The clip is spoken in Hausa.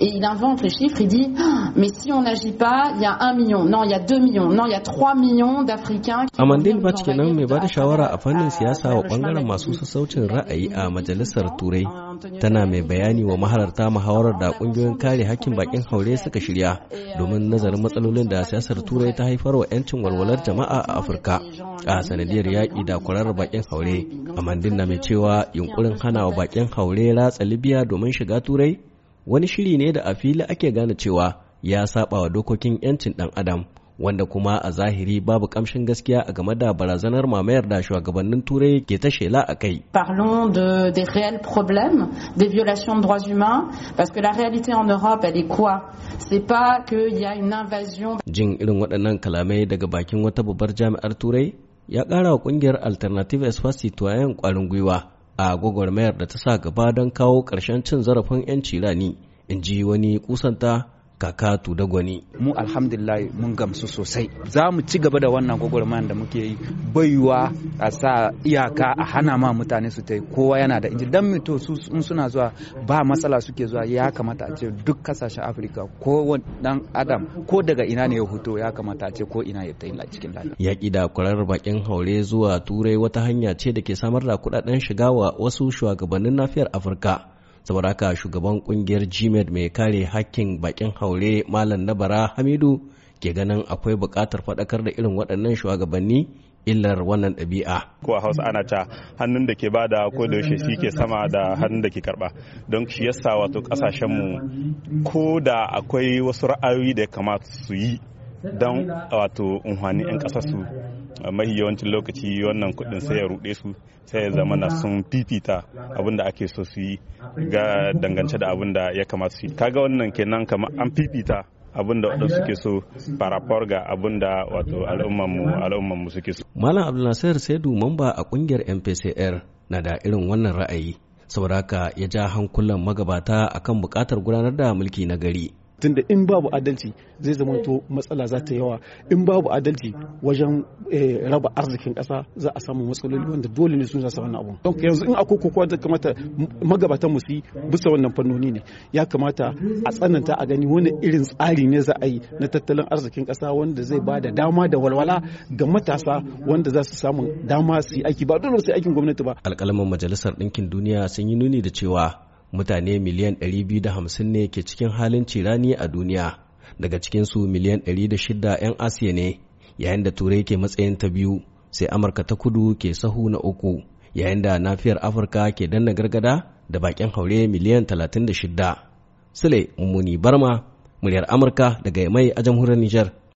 et il invente les chiffres, il dit ah, mais si on n'agit pas, il y a un million, non, il y a deux millions, non, il y a trois millions d'Africains. Amandine kenan mai bada shawara a fannin siyasa wa bangaren masu sassaucin ra'ayi a majalisar Turai tana mai bayani wa mahararta muhawarar da kungiyoyin kare hakkin bakin haure suka shirya domin nazarin matsalolin da siyasar Turai ta haifar wa 'yancin walwalar jama'a a Afirka a sanadiyar yaƙi da kwararar bakin haure. Amandin na mai cewa yunkurin hana wa bakin haure ratsa Libya domin shiga Turai wani shiri ne da a fili ake gane cewa ya saba wa dokokin 'yancin ɗan adam wanda kuma a zahiri babu kamshin gaskiya a game da barazanar mamayar da shugabannin turai ke ta shela a kai. Parlons de des réels problèmes, des violations de droits humains, parce que la réalité en Europe, elle est quoi? C'est pas il y a une invasion. Jin irin waɗannan kalamai daga bakin wata babbar jami'ar turai ya ƙara wa ƙungiyar Alternative Espace Citoyen ƙwarin gwiwa a gwagwarmayar da ta sa gaba don kawo ƙarshen cin zarafin 'yanci rani in ji wani kusanta kaka da gwani mu alhamdulillah mun gamsu sosai za mu ci gaba da wannan gwagwarmayar da muke yi baiwa a sa iyaka a hana ma mutane su yi kowa yana da inji dan mito su in suna zuwa ba matsala suke zuwa ya kamata a ce duk kasashen afirka ko dan adam ko daga ina ne ya huto ya kamata a ce ko ina ya tayi cikin lafiya ki da kurar bakin haure zuwa turai wata hanya ce da ke samar da kuɗaɗen shiga wa wasu shugabannin nafiyar afirka saboda haka shugaban kungiyar gmed mai kare hakkin bakin haure malam nabara hamidu ke ganin akwai bukatar faɗakar da irin waɗannan shugabanni illar wannan ɗabi'a. Ko a Hausa ana ta hannun da ke bada ko da yaushe shi ke sama da hannun da ke karɓa. Don shi yasa wato ƙasashenmu ko da akwai wasu ra'ayoyi da ya kamata su yi don wato unhwani 'yan ƙasarsu mahi yawancin lokaci wannan kuɗin sai ya ruɗe su sai ya zama na sun fifita abin da ake so su yi ga dangance da abin da ya kamata su yi kaga wannan kenan kamar an fifita abin da waɗansu suke so farafar ga abin da wato al'ummanmu suke so. Malam Abdulnasir Saidu mamba a ƙungiyar MPCR na da irin wannan ra'ayi saboda haka ya ja hankulan magabata akan buƙatar gudanar da mulki na gari. tunda in babu adalci zai zamanto eh. matsala za ta yawa in babu adalci wajen eh, raba arzikin kasa za a samu matsaloli wanda dole ne sun zasa wannan abu don yanzu in akwai kokowa da kamata magabatan mu su bisa wannan fannoni ne ya kamata a tsananta a gani wani irin tsari ne za a yi na tattalin arzikin kasa wanda zai ba da dama da walwala ga matasa wanda za su samu dama su yi aiki ba dole su aikin gwamnati ba alƙalamin majalisar ɗinkin duniya sun yi nuni da cewa mutane miliyan 250 ne ke cikin halin cirani a duniya daga cikinsu miliyan shida 'yan asiya ne yayin da turai ke matsayin ta biyu sai amurka ta kudu ke sahu na uku yayin da nafiyar afirka ke danna gargada da bakin haure miliyan 36 sule mummuni barma muryar amurka daga mai a jamhuriyar Nijar.